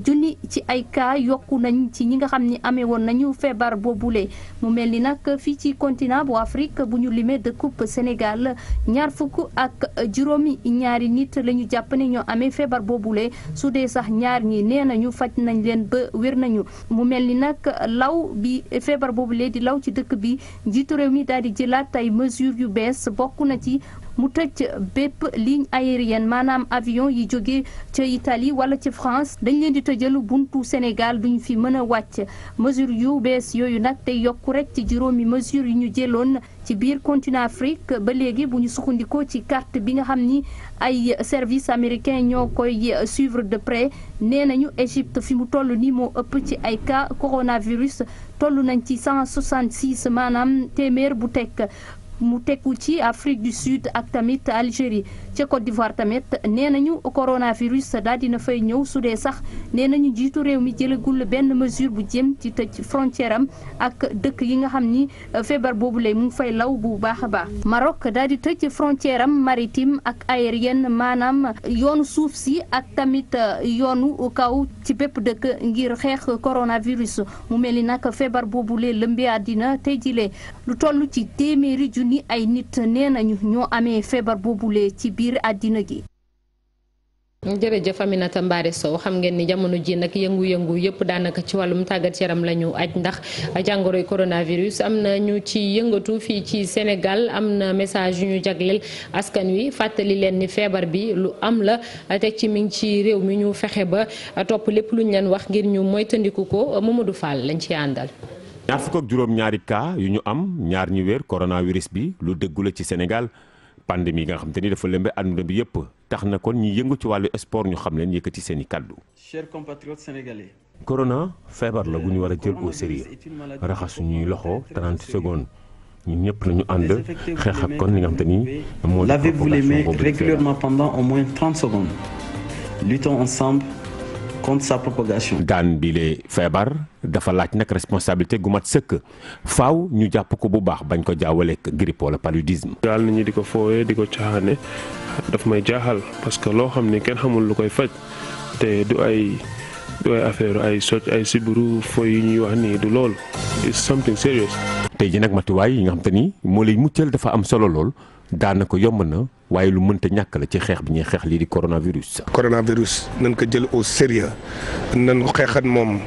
junni ci ay cas yokku nañ ci ñi nga xam ni amee woon nañu feebar boobule mu mel ni nag fii ci continent bu Afrique bu ñu limee de Sénégal ñaar fukk ak juróomi ñaari nit lañu jàpp ni ñoo amee feebar boobule su dee sax ñaar ñi nee nañu faj nañ leen ba wér nañu mu mel ni nag law bi feebar boobule di law ci dëkk bi njiitu réew mi daal di jëlaat ay mesures yu bees bokk na ci mu tëj bépp ligne aérienne maanaam avion yi jóge ca Italie wala ci France dañu leen di tëjal buntu Sénégal duñu fi mën a wàcc mesure yu bees yooyu nag te yokk rek ci juróomi mesure yu ñu jëloon ci biir continent Afrique ba léegi bu ñu sukkandikoo ci carte bi nga xam ni ay service américain ñoo koy suivre de près nee nañu Égypte fi mu toll nii moo ëpp ci ay cas coronavirus toll nañ ci 166 maanaam téeméer bu tekk mu tekku ci Afrique du Sud ak tamit Algérie ca Côte d'Ivoire tamit nee nañu coronavirus daal dina fay ñëw su dee sax nee nañu jiitu réew mi jëlagul benn mesure bu jéem ci tëj frontière am ak dëkk yi nga xam ni euh, feebar boobu lay mu fay law bu baax a baax. Maroc daal di tëj frontière am maritime ak aérienne maanaam yoonu suuf si ak tamit euh, yoonu kaw ci bépp dëkk ngir xeex coronavirus mu mel ni nag feebar boobu lay lëmbee àddina tey jile lu toll ci téeméeri junni ni ay nit nee nañu ñoo amee feebar boobule ci biir àddina gi. jërëjëf Aminata Mbaare Sow xam ngeen ni jamono ji nag yëngu-yëngu yëpp daanaka ci wàllum tàggat yaram la ñu aj ndax jàngoroy coronavirus am na ñu ci yëngatu fii ci senegal am na message yu ñu jagleel askan wi fàttali leen ni feebar bi lu am la teg ci mi ci réew mi ñu fexe ba topp lépp luñ leen wax ngir ñu moytandiku ko Mamadou Fall lañ ci àndal. ñaar fukk ak juróom-ñaari cas yu ñu am ñaar ñi wér coronavirus bi lu dëggu la ci Sénégal pandémie nga xam te ni dafa lëmbe àdduna bi yëpp tax na kon ñi yëngu ci wàllu sport ñu xam leen yëkkati seen i kàddu. chers compatriotes sénégalais. corona feebar la bu ñu war a jël au sérieux raxas suñuy loxo 30 secondes ñun ñëpp nañu ànd xeex ak kon li nga xam te ni moo. lavez-vous les mains régulièrement pendant au moins 30 secondes. luttons ensemble. contre sa propagation. daan bi lee feebar dafa laaj nag responsabilité gu mat sëkk faaw ñu jàpp ko bu baax bañ ko jaawaleeg grippe wala paludisme. daal na ñi di ko foowee di ko caaxaane daf may jaaxal parce que loo xam ni kenn xamul lu koy faj te du ay du ay affaire ay socc ay sibiru foy yi ñuy wax nii du lool it's something serious. tey ji nag matuwaay yi nga xam te ni moo lay muccal dafa am solo lool daanaka yomb na. waaye lu mënta ñàkk la ci xeex bi ñuy xeex lii di coronavirus. coronavirus nañ ko jël au sérieux nañ xeexat moom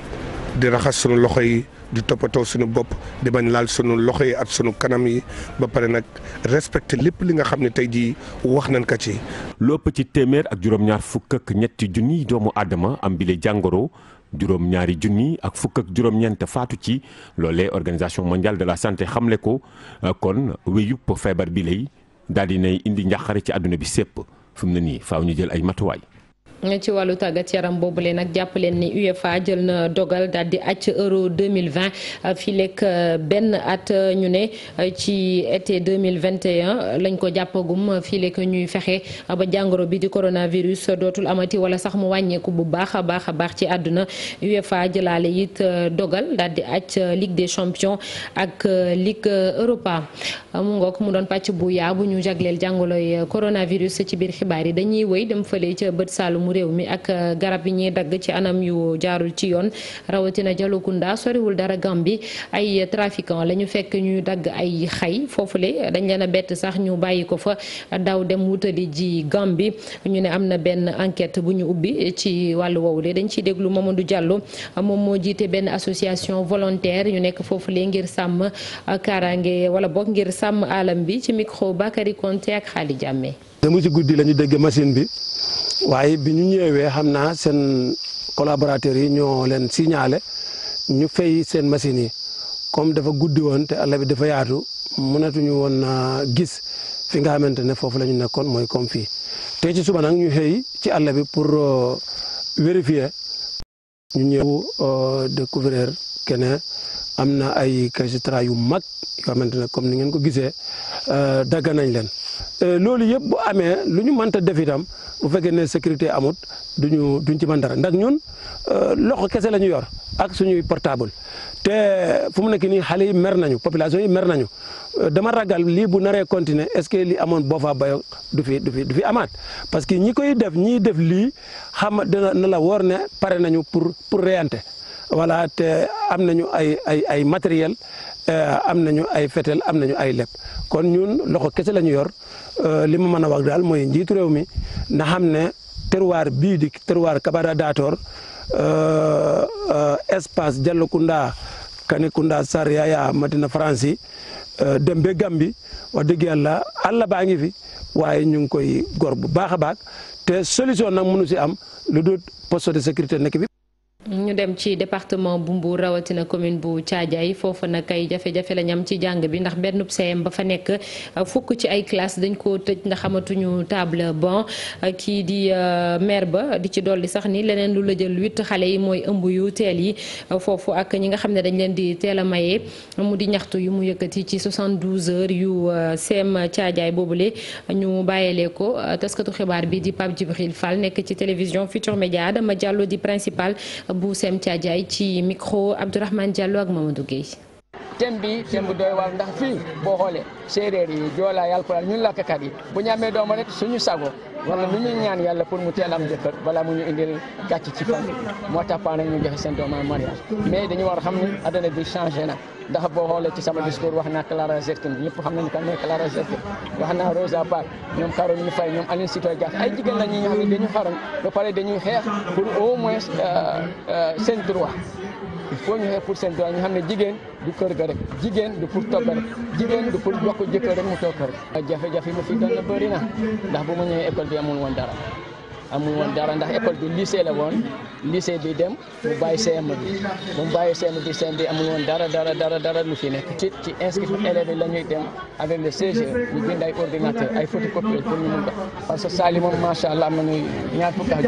di raxas sunu loxo yi di toppatoo suñu bopp di bañ laal sunu loxo yi ak sunu kanam yi ba pare nag respecté lépp li nga xam ne tey jii wax nañ ko ci. lu ci téeméer ak juróom ñetti junniy doomu aadama am bile jàngoro. juróom ñaari junni ak fukk ak faatu ci loolee organisation mondial de la santé xam xamle ko kon wéyub feebar bi lay daal di nay indi njàqare ci àdduna bi sépp fi mu ne nii faaw ñu jël ay matuwaay ci wàllu tàggat yaram boobu leen nag jàpp leen ni UEFA jël na dogal daal di àcc euro 2020 euh, fii lekk euh, benn at euh, ñu ne ci été 2021 lañ ko jàppagum fii lekk ñuy fexe ba jàngoro bi di coronavirus dootul amati wala sax mu wàññeeku bu baax a baax a baax ci àdduna UEFA jëlaale it dogal daal di àcc Ligue des champions ak Ligue Europa mu ngook mu doon pàcc bu yaa bu ñu jagleel jàngoloy coronavirus ci biir xibaar yi dañuy wéy dem fële ca bët Saalum réew mi ak euh, garab yi ñuy dagg ci anam yu jaarul ci yoon rawatina Jalokunda soriwul dara Gàmbi ay trafiquant la ñu fekk ñuy dagg ay xay foofule dañ leen a bett sax ñu bàyyi ko fa daw dem wutali ji Gàmbi ñu ne am na benn enquête bu ñu ubbi ci wàll woowu de dañ ciy déglu du Diallo moom moo jiite benn association volontaire yu nekk foofu foofule ngir sàmm kaaraange wala boog ngir sàmm alam bi ci micro Bakary Konte ak Xaali Jàmme. dama ci guddi lañu bi. waaye bi ñu ñëwee xam naa seen collaborateurs yi ñoo leen siñaale ñu fay seen machines yi comme dafa guddi woon te àll bi dafa yaatu mënatuñu woon euh, gis fi nga xamante ne foofu lañu ñu nekkoon mooy comme fii te ci suba nag ñu xëy ci àll bi pour euh, vérifier ñu ñëw euh, découvrir que ne am na ay casier yu mag yoo xamante ne comme ni ngeen ko gisee euh, dagga nañ leen euh, loolu yëpp amee lu ñu mënta def itam bu fekkee ne sécurité amut duñu duñ ci mën dara ndax ñun euh, loxo kese la ñu yor ak suñuy portable te fu mu nekk nii xale yi mer nañu population yi mer nañu dama ragal lii bu naree continuer est-ce que lii amoon Boffa Bayo du fi du fi du fi amaat parce que ñi koy def ñiy def lii xam da na la wóor ne pare nañu pour pour reyante voilà te am nañu ay ay ay matériel euh, am nañu ay fetel am nañu ay lépp kon ñun loxo kese la ñu yor euh, li ma mën a wax daal mooy njiitu réew mi na xam ne terroir bii di terroir Kabada Dator euh, espace Diallokounda Kanikounda Sar Yaya Madina Fransi dem ba Gambi wax dëgg yàlla àll baa ngi fi waaye ñu ngi koy gor bu baax a baax te solution nag mënu si am lu dul poste de sécurité nekk bi. ñu dem ci département bumbu rawatina commune bu Thiadiaye foofu nag ay jafe-jafe la ci jàng bi ndax benn CM ba fa nekk euh, fukk ci ay classe dañ koo tëj ndax xamatuñu table bon euh, kii di euh, maire ba di ci dolli sax ni leneen lu la jël huit xale yi mooy ëmb yu teel yi foofu ak ñi nga xam ne dañ leen di teel a maye mu di ñaxtu yu mu yëkkati ci 72 heures yu CM boobu boobule ñu bàyyeele ko taskatu xibaar bi di Pape Djibril Fall nekk ci télévision Futur Média Adama Diallo di principal. bu Semtia Ndiaye ci micro Abdourahmane Diallo ak Mamadou Guèye. thème bi thème bu doy waar ndax fii boo xoolee séeréer yi joolaa yàlla ñun làkkat yi bu ñu amee doom rek suñu sago wala lu ñuy ñaan yàlla pour mu teel am jëkkër balaa mu ñu indil gàcc ci fan moo tax paa ñu joxe seen doom en mais dañu war a xam ni adduna bi changé na ndax boo xoolee ci sama discours wax naa Clara Zetkin ñëpp xam nañu kan mooy Clara Zetkin wax naa a Parks ñoom Caroline Faye ñoom Aline Sitoé Diatta ay jigéen la ñi nga xam ne dañu xaram ba pare dañuy xeex pour au moins euh, euh, seen droit il faut ñu xeex pour seen droit ñu xam ne jigéen du kër ga rek jigéen du pour togg rek jigéen du pour bokk jëkkër rek mu toog rek jafe-jafe mu fi doon na bëri na ndax bu ma ñëwee école bi amul woon dara amul woon dara ndax école bi lycée la woon lycée bi dem mu bàyyi CM bi mu bàyyi CM bi CM bi amul woon dara dara dara dara lu fi nekk ci ci inscription élèves la ñuy dem avec le CGE ñu bind ay ordinateur ay photocopie pour ñu mun ko parce que salle yi moom macha allah am nañu ñaar fukki ak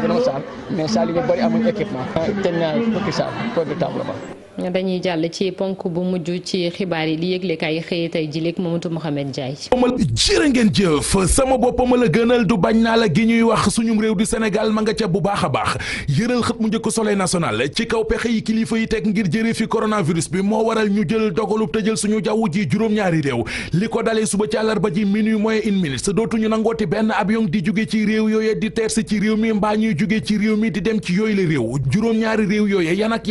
mais salle yi ñu bëri amul équipement. te ñaar fukki salle toog di table ba. dañuy jàll ci ponk bu mujj ci xibaar yi li yëgle kay xëy tey jii léegi Mamadou Mouhamed Ndiaye. jërë ngeen jëf sama boppam la gënal du bañ naa la gi ñuy wax suñu réew di Sénégal ma nga ca bu baax a baax yëral xët mu njëkk soleil national ci kaw pexe yi kilifa yi teg ngir jëre fi coronavirus bi moo waral ñu jël dogalub tëjël suñu jaww ji juróom-ñaari réew li ko dalee suba ci àllarba ji minuit moins une minute dootuñu nangooti benn avion di jóge ci réew di teer si réew mi mbaa ñuy jóge ci réew mi di dem ci yooyu la réew juróom-ñaari réew yooye yan ak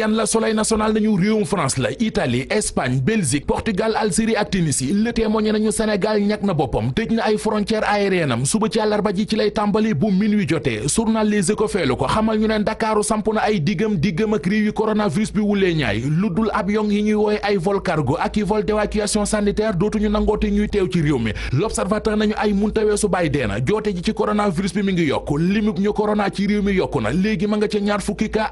yu réewum France la Italie Espagne Belgique Portugal Algérie ak Tunisie le témoigné nañu Sénégal ñàkk na boppam tëj na ay frontière aérienne am suba ci àllarba ji ci lay tàmbali bu minuit jotee journal Les feelu ko xamal ñu ne Ndakaaru samp na ay diggam diggam ak réew yi coronavirus bi wulee ñaay lu dul avion yi ñuy wooye ay vol cargo ak i vol d'évacuation sanitaire dootuñu nangoote ñuy teew ci réew mi l'observateur nañu ay muntaweesu bàyyi deena joote ji ci na ma nga ca ñaar fukki cas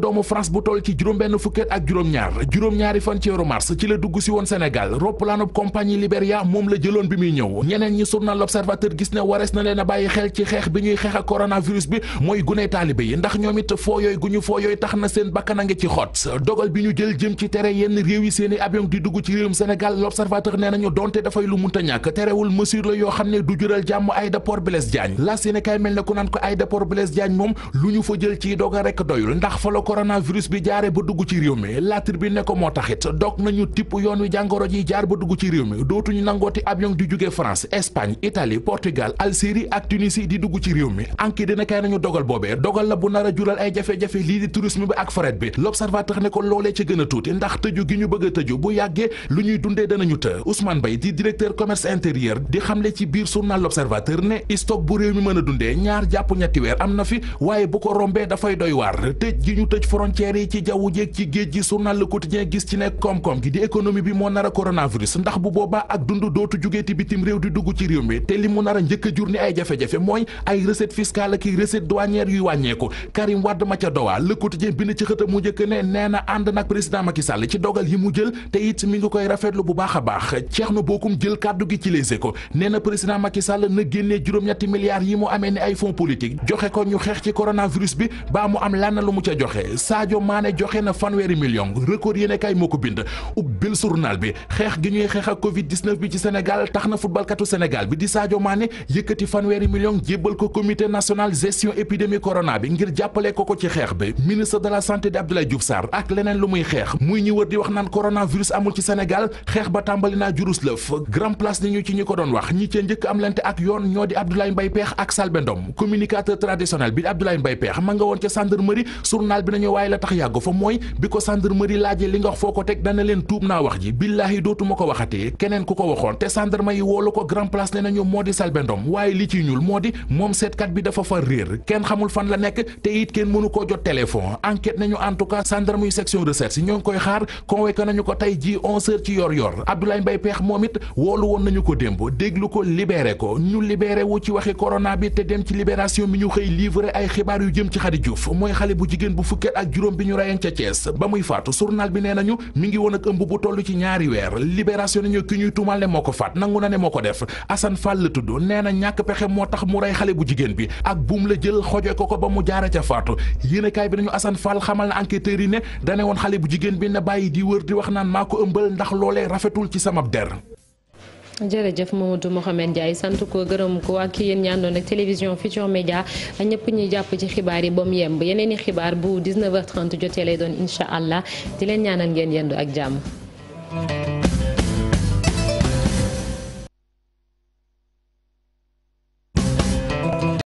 doomu France bu toll ci juróom-benn fukkat ak juróom-ñaar juróom-ñaari fan ci mars ci la dugg si woon Sénégal roppalaanub compagnie Liberia moom la jëloon bi muy ñëw ñeneen ñi journal L'Observateur gis ne warees na leen a bàyyi xel ci xeex bi ñuy xeex ak coronavirus bi mooy gune taalibe yi ndax ñoom it foo yooyu gu ñu foo yooyu tax na seen bakkan a ngi ci xot dogal bi ñu jël jëm ci tere yenn réew yi seeni avion di dugg ci réewum Sénégal L'Observateur nee nañu donte dafay lu munta ñàkk terewul mesure la yoo xam ne du jural jàmm aéroport Blaise Diagne la Sénégal mel ne ku naan ko aéroport Blaise moom ñu fa jël ci dogal rek doyul coronavirus bi jaare ba dugg ci réew mi La Tribune ne ko moo taxit dog nañu tipp yoon wi jàngoro ji jaar ba dugg ci réew mi dootuñu nangooti avion di jóge France Espagne Italie Portugal Algérie ak Tunisie di dugg ci réew mi anki dina kay nañu dogal boobee dogal la bu nar a jural ay jafe-jafe lii di tourisme bi ak fret bi L'Observateur ne ko loolee ci gën a tuuti ndax tëju gi ñu bëgg a tëju bu yàggee lu ñuy dundee danañu të Ousmane Bay di directeur commerce intérieur di xamle ci biir journal L'Observateur ne stock bu réew mi mën a ñaar jàpp ñetti weer am na fi waaye bu ko rombee dafay doy waar tëj yi ci jaww jeeg ci géej gi journal Le Quotidien gis ci ne koom-koom gi di économie bi moo nara a coronavirus ndax bu boobaa ak dund dootu jugeeti bitim réew di dugg ci réew mi te li mu nar a njëkk jur ni ay jafe-jafe mooy ay recette fiscale ki recette douanière yuy wàññeeku Karim Wade ma ca dowa Le Quotidien bind ci xëtam mu njëkk ne nee na ànd nag président Macky Sall ci dogal yi mu jël te it mi ngi koy rafetlu bu baax a baax Thierno Bocoum jël kàddu gi ci Les Échos nee na président Macky Sall na génnee juróom-ñetti milliards mu amee ni ay fonds politique joxe ko ñu xeex ci coronavirus bi baa mu am lan lu mu ca joxe Sadio Mané joxe na fanweeri million record yéen kay moo ko bind ubbil journal bi xeex gi ñuy xeex Covid 19 bi ci Sénégal tax na footballkatu Sénégal bi di Sadio Mané yëkkati fanweeri million jébbal ko comité national gestion épidémie corona bi ngir jàppale ko ko ci xeex bi ministre de la santé di Abdoulaye Diouf Sarr ak leneen lu muy xeex muy ñu wër di wax naan coronavirus amul ci Sénégal xeex ba tàmbali naa jurus lëf grand place ni ñu ci ñi ko doon wax ñi ca am lante ak yoon ñoo di Abdoulaye Mbaye Peex ak Salbendom communicateur traditionnel bi Abdoulaye Mbaye Peex ma nañu waaye la tax yàgg fa mooy bi ko gendarmerie laajee li nga foo ko teg dana leen tuub naa wax ji billaahi dootuma ko waxatee keneen ku ko waxoon te gendarme yi woolu ko grand place ne nañu moo di Selbé waaye li ci ñuul moo di moom seetkat bi dafa fa réer kenn xamul fan la nekk te it kenn mënu koo jot téléphone enquête nañu en tout yu section recherche ñoo ngi koy xaar convoqué nañu ko tey ji onze heures ci yor yor Abdoulaye Mbaye Peex moom it ak juróom bi ñu reyen ca Thiès ba muy faatu journal bi nee nañu mi ngi woon ak ëmb bu toll ci ñaari weer libération nañu ki ñuy tuumal ne moo ko faat nangu na ne moo ko def asan Fall la tudd nee na ñàkk pexe moo tax mu rey xale bu jigéen bi ak buum la jël xoje ko ko ba mu jaare ca faatu yéenekaay bi nañu Assane Fall xamal na enquêteurs yi ne dane woon xale bu jigéen bi na bàyyi di wër di wax naan maa ko ëmbal ndax loolee rafetul ci samab der jërëjëf Mamadou Mouhamed Ndiaye sant ko gërëm ko ak ki ñi ñaandoon ak télévision Futur Média ñëpp ñuy jàpp ci xibaar yi boom mu yemb yeneen i xibaar bu 19h30 jotee lay doon incha allah di leen ñaanal ngeen yendu ak jàmm.